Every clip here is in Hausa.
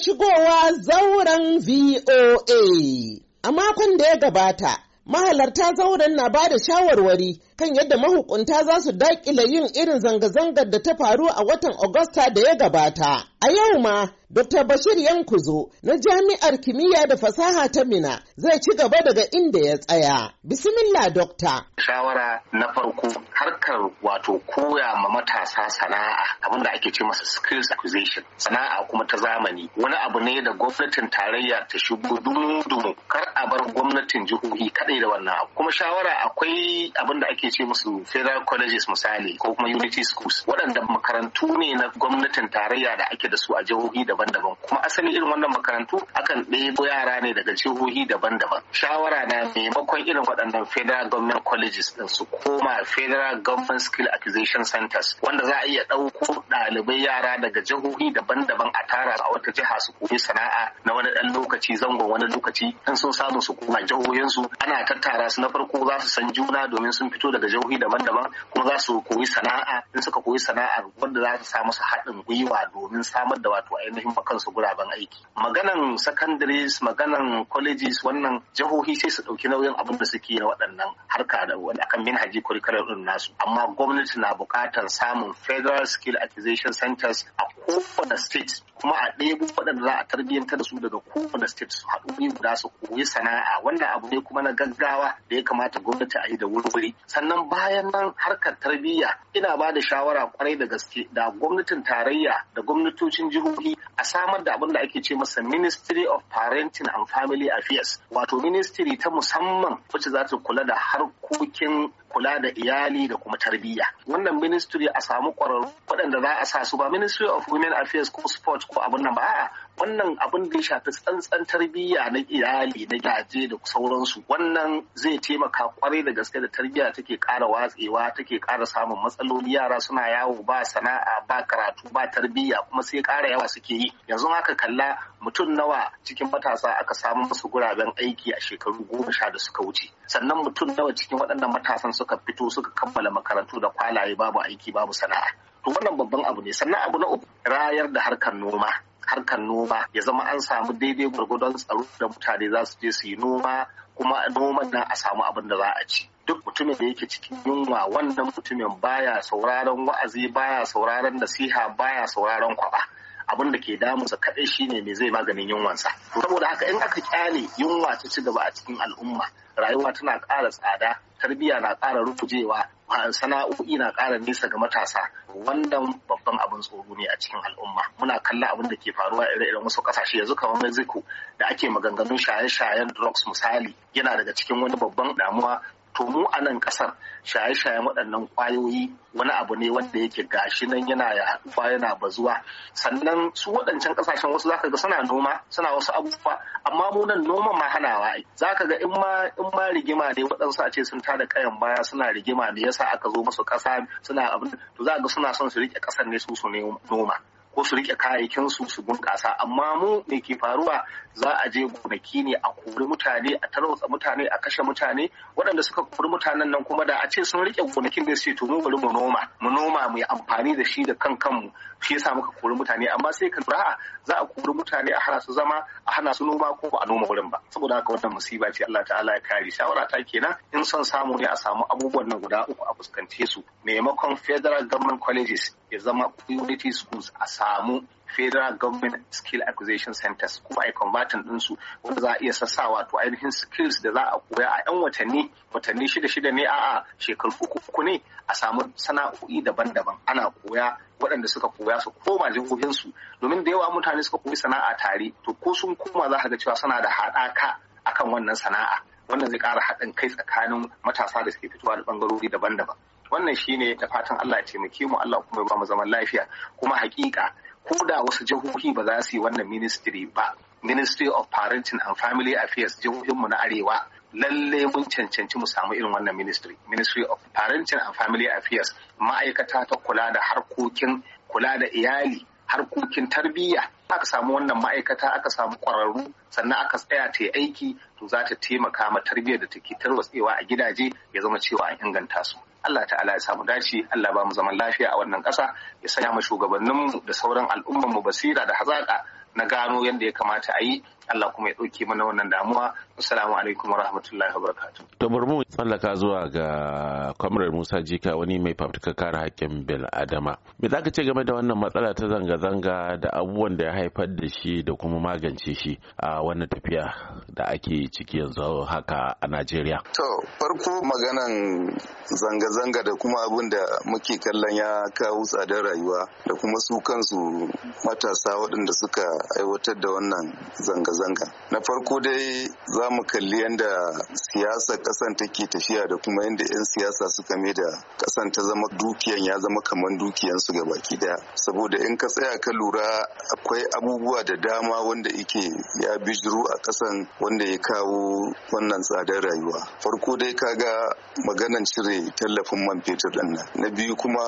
shigowa zauren VOA. A makon da ya gabata, mahalarta zauren na ba da shawarwari kan yadda mahukunta za su daƙile yin irin zanga-zangar da ta faru a watan Agusta da ya gabata. A yau ma, Dr. Bashir Yankuzo na Jami'ar Kimiyya da Fasaha ta Mina zai ci gaba daga inda ya tsaya. Bismillah Dokta. Shawara na farko harkar wato koya ma matasa sana'a abin da ake ce masa skills acquisition sana'a kuma ta zamani wani abu ne da gwamnatin tarayya ta shigo dumu-dumu kar a bar gwamnatin jihohi kaɗai da wannan abu. Kuma shawara akwai abin da ake ce musu federal colleges misali ko kuma unity schools waɗanda makarantu ne na gwamnatin tarayya da ake da su a jihohi daban-daban kuma asali irin wannan makarantu akan ɗebo yara ne daga jihohi daban-daban shawara na maimakon irin waɗannan federal government colleges ɗin su koma federal government skill acquisition centers wanda za a iya ɗauko ɗalibai yara daga jihohi daban-daban a tara a wata jiha su koyi sana'a na wani ɗan lokaci zangon wani lokaci in sun samu su koma jihohinsu ana tattara su na farko za su san juna domin sun fito da Da jihohi daban-daban kuma za su koyi sana'a in suka koyi sana'ar wanda za ta sa musu haɗin gwiwa domin samar da wato ainihin kansu guraben aiki maganan secondaries maganan colleges wannan jihohi sai su ɗauki nauyin abin da suke na waɗannan harka da wani akan minhaji curriculum ɗin nasu amma gwamnati na buƙatar samun federal skill acquisition centers a kowane state kuma a ɗebo waɗanda za a tarbiyyanta da su daga kowane state su haɗu biyu guda su koyi sana'a wannan abu ne kuma na gaggawa da ya kamata gwamnati a yi da wuri sannan bayan nan harkar tarbiyya ina ba da shawara kwarai da gaske da gwamnatin tarayya da gwamnatocin jihohi a samar da abin da ake ce masa ministry of parenting and family affairs wato ministry ta musamman wacce za ta kula da harkokin kula da iyali da kuma tarbiyya wannan ministry a samu kwararru waɗanda za a sa su ba ministry of women affairs ko sport ko abin nan ba a wannan abin da ya shafi tsantsan tarbiyya na iyali na gaje da sauransu wannan zai taimaka kwarai da gaske da tarbiyya take kara watsewa take kara samun matsaloli yara suna yawo ba sana'a ba karatu ba tarbiyya kuma sai kara yawa suke yi yanzu haka kalla mutum nawa cikin matasa aka samu musu guraben aiki a shekaru goma sha da suka wuce sannan mutum nawa cikin waɗannan matasan suka fito suka kammala makarantu da kwalaye babu aiki babu sana'a to wannan babban abu ne sannan abu na uku rayar da harkar noma harkar noma ya zama an samu daidai gwargwadon tsaro da mutane za su je su yi noma kuma noman nan a samu abin da za a ci duk mutumin da yake cikin yunwa wannan mutumin baya sauraron wa'azi baya sauraron nasiha baya sauraron kwaba abin da ke damunsa kaɗai shine me zai maganin yunwansa saboda haka in aka kyale yunwa ta ci gaba a cikin al'umma rayuwa tana ƙara tsada tarbiyya na ƙara rufujewa sana'o'i na ƙara nesa ga matasa wannan babban abin tsoro ne a cikin al'umma muna kalla abin da ke faruwa ire-iren wasu ƙasashe yanzu kamar mexico da ake maganganun shaye-shayen drugs misali yana daga cikin wani babban damuwa to mu a nan kasar shaye-shayen waɗannan kwayoyi wani abu ne wanda yake gashi nan yana yaduwa yana bazuwa sannan su waɗancan ƙasashen wasu zaka ga suna noma suna wasu abubuwa amma mu nan noma ma hanawa ai zaka ga in ma in ma rigima ne waɗansu a ce sun tada kayan baya suna rigima ne yasa aka zo musu ƙasa suna abin to za ga suna son su rike ƙasar ne su su noma ko su rike kayayyakin su su bunƙasa amma mu me ke faruwa za a je gonaki ne a kori mutane a tarwatsa mutane a kashe mutane waɗanda suka kori mutanen nan kuma da a ce sun rike gonakin da su to mu bari mu noma mu noma mu yi amfani da shi da kan kanmu shi yasa muka kori mutane amma sai ka lura za a kori mutane a hana su zama a hana su noma ko a noma wurin ba saboda haka wannan musiba ce Allah ta'ala ya kare shawara ta kenan in son samu ne a samu abubuwan nan guda uku a fuskance su maimakon federal government colleges ya zama community schools a samu federal government skill acquisition centers kuma ai combatant ɗinsu wanda za a iya sassawa to ainihin skills da za a koya a 'yan watanni watanni shida shida ne a'a shekaru uku ne a samu sana'o'i daban-daban ana koya waɗanda suka koya su koma jihohinsu domin da yawa mutane suka koyi sana'a tare to ko sun koma za ga cewa suna da haɗaka akan wannan sana'a wannan zai ƙara haɗin kai tsakanin matasa da suke fitowa da ɓangarori daban-daban wannan shine da fatan Allah ya taimake mu Allah kuma ya ba mu zaman lafiya kuma hakika ko da wasu jihohi ba za su yi wannan ministry ba ministry of parenting and family affairs mu na arewa lalle mun cancanci mu samu irin wannan ministry ministry of parenting and family affairs ma'aikata ta kula da harkokin kula da iyali harkokin tarbiyya aka samu wannan ma'aikata aka samu ƙwararru sannan aka tsaya ta aiki to za ta taimaka ma tarbiyyar da take tarwatsewa a gidaje ya zama cewa an inganta su Allah ta'ala ya samu dace Allah ba mu zaman lafiya a wannan ƙasa ya sanya mu shugabanninmu da sauran al'ummarmu basira da hazaƙa na gano yadda ya kamata a yi Allah kuma ya ɗauke mana wannan damuwa assalamu alaikum wa barakatu to bari mu tsallaka zuwa ga kwamrar Musa Jika wani mai fafutukar kare haƙƙin bil adama me zaka ce game da wannan matsala ta zanga zanga da abubuwan da ya haifar da shi da kuma magance shi a wannan tafiya da ake ciki yanzu haka a Najeriya to farko maganan zanga zanga da kuma abun da muke kallon ya kawo tsadar rayuwa da kuma su kansu matasa waɗanda suka aiwatar da wannan zanga-zanga na farko dai za mu kalli yadda siyasar kasan take tafiya da kuma yadda 'yan siyasa suka mai da kasan ta zama dukiyan ya zama kamar dukiyansu ga baki daya saboda in ka tsaya ka lura akwai abubuwa da dama wanda ike ya bijiro a kasan wanda ya kawo wannan tsadar rayuwa farko dai kaga maganan cire tallafin man fetur din nan na biyu kuma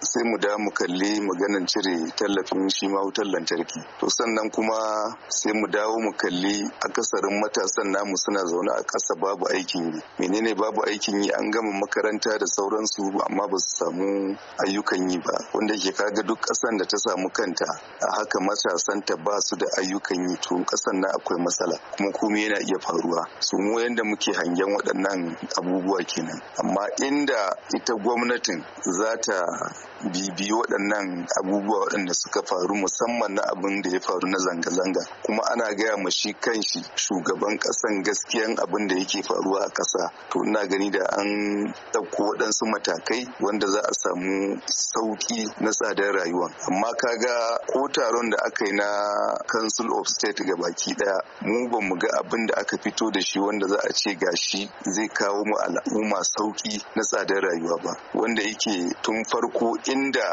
sai mu da mu kalli maganan cire tallafin shi ma wutar lantarki to sannan kuma sai mu dawo mu kalli akasarin matasan namu suna zaune a ƙasa babu aikin yi menene babu aikin yi an gama makaranta da sauransu amma ba su samu ayyukan yi ba wanda ke kaga duk ƙasan da ta samu kanta a haka matasan ta ba su da ayyukan yi to ƙasan na akwai matsala kuma komai yana iya faruwa su mu yanda muke hangen waɗannan abubuwa kenan amma inda ita gwamnatin za ta bibi waɗannan abubuwa waɗanda suka faru musamman na abin da ya faru na zanga-zanga kuma ana gaya ma shi kan shi shugaban ƙasan gaskiyan abin da yake faruwa a ƙasa to ina gani da an ɗauko waɗansu matakai wanda za a samu sauƙi na tsadar rayuwa amma kaga ko taron da aka yi na council of state ga baki ɗaya mu ba mu ga abin da aka fito da shi wanda za a ce gashi zai kawo mu al'umma sauƙi na tsadar rayuwa ba wanda yake tun farko da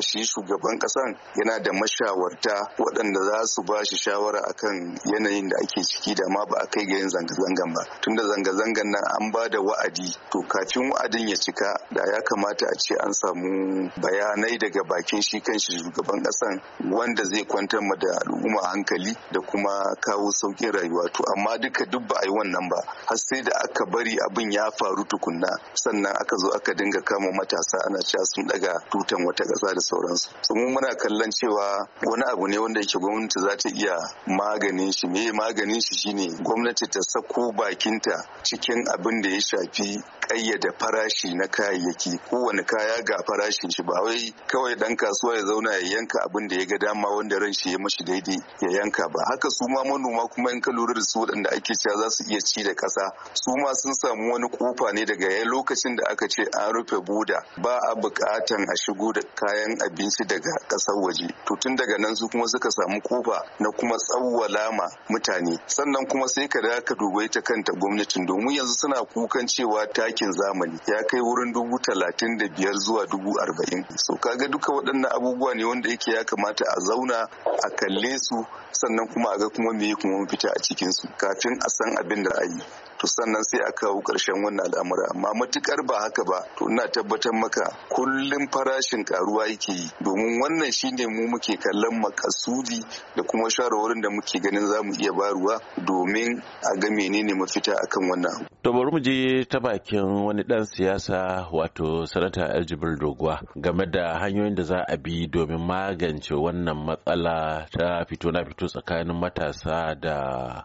shi shugaban kasan yana da mashawarta waɗanda za su ba shi shawara akan yanayin da ake ciki da ma ba a kai ga yin zanga-zangan ba tunda zanga-zangan nan an ba da wa'adi to kafin wa'adin ya cika da ya kamata a ce an samu bayanai daga bakin shi kan shi shugaban kasan wanda zai kwantar ma da al'umma hankali da kuma kawo sauƙin rayuwa to amma duka duk ba a yi wannan ba har sai da aka bari abin ya faru tukunna sannan aka zo aka dinga kama matasa ana cewa sun daga tutan wata ƙasa da sauransu su muna kallon cewa wani abu ne wanda yake gwamnati za ta iya maganin shi me maganin shi shine gwamnati ta sako bakinta cikin abin da ya shafi ƙayyada farashi na kayayyaki kowane kaya ga farashin shi ba wai kawai dan kasuwa ya zauna ya yanka abin da ya ga dama wanda ran shi ya mashi daidai ya yanka ba haka su ma manoma kuma in ka lura da su waɗanda ake cewa za su iya ci da ƙasa su ma sun samu wani kofa ne daga ya lokacin da aka ce an rufe buda ba a buƙatar bukatan a shigo da kayan abinci daga ƙasar waje to tun daga nan su kuma suka samu kofa na kuma tsawwala ma mutane sannan kuma sai ka da ka dubai ta kanta gwamnatin domin yanzu suna kukan cewa takin zamani ya kai wurin dubu talatin da biyar zuwa dubu arba'in so kaga duka waɗannan abubuwa ne wanda yake ya kamata a zauna a kalle su sannan kuma a ga kuma me kuma fita a su kafin a san abin da a yi to sannan sai a kawo ƙarshen wannan al'amura amma matukar ba haka ba to ina tabbatar maka kullum farashin karuwa yake yi domin wannan shine mu muke kallon makasudi da kuma shawarwarin da muke ganin za mu iya baruwa domin a ga menene mafita akan wannan to bari mu je ta bakin wani dan siyasa wato sanata aljibril doguwa game da hanyoyin da za a bi domin magance wannan matsala ta fito na fito tsakanin matasa da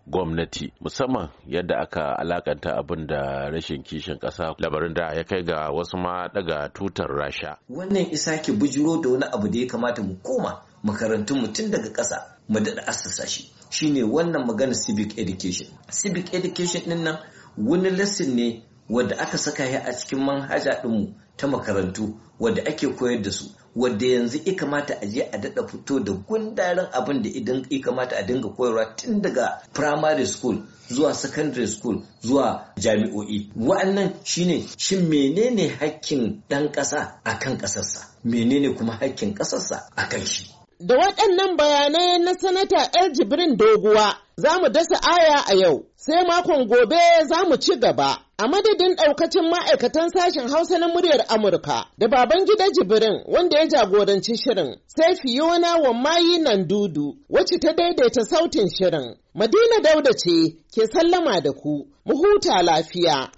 gwamnati musamman yadda aka alakanta abin da rashin kishin ƙasa labarin da ya kai ga wasu ma daga tutar rasha wannan isa ke bujiro da wani abu da ya kamata mu koma makarantun mu tun daga ƙasa mu daɗa asasa shi shine wannan magana civic education civic education ɗin nan wani lesson ne wadda aka saka ya a cikin manhaja ɗinmu ta makarantu wadda ake koyar da su wadda yanzu ya kamata a je a daɗa fito da gundarin abin da ya kamata a dinga koyarwa tun daga primary school zuwa secondary school zuwa jami'o'i wa'annan shine shin menene hakkin ɗan ƙasa a kan ƙasarsa menene kuma hakkin ƙasarsa a kan shi da waɗannan bayanai na sanata yar jibrin doguwa za mu dasa aya a yau sai makon gobe za mu ci gaba a madadin ɗaukacin ma'aikatan sashen hausa na muryar amurka da baban gida jibirin wanda ya jagoranci shirin sai fiona mayi nan dudu wacce ta daidaita sautin shirin madina dauda ce ke sallama da ku mu huta lafiya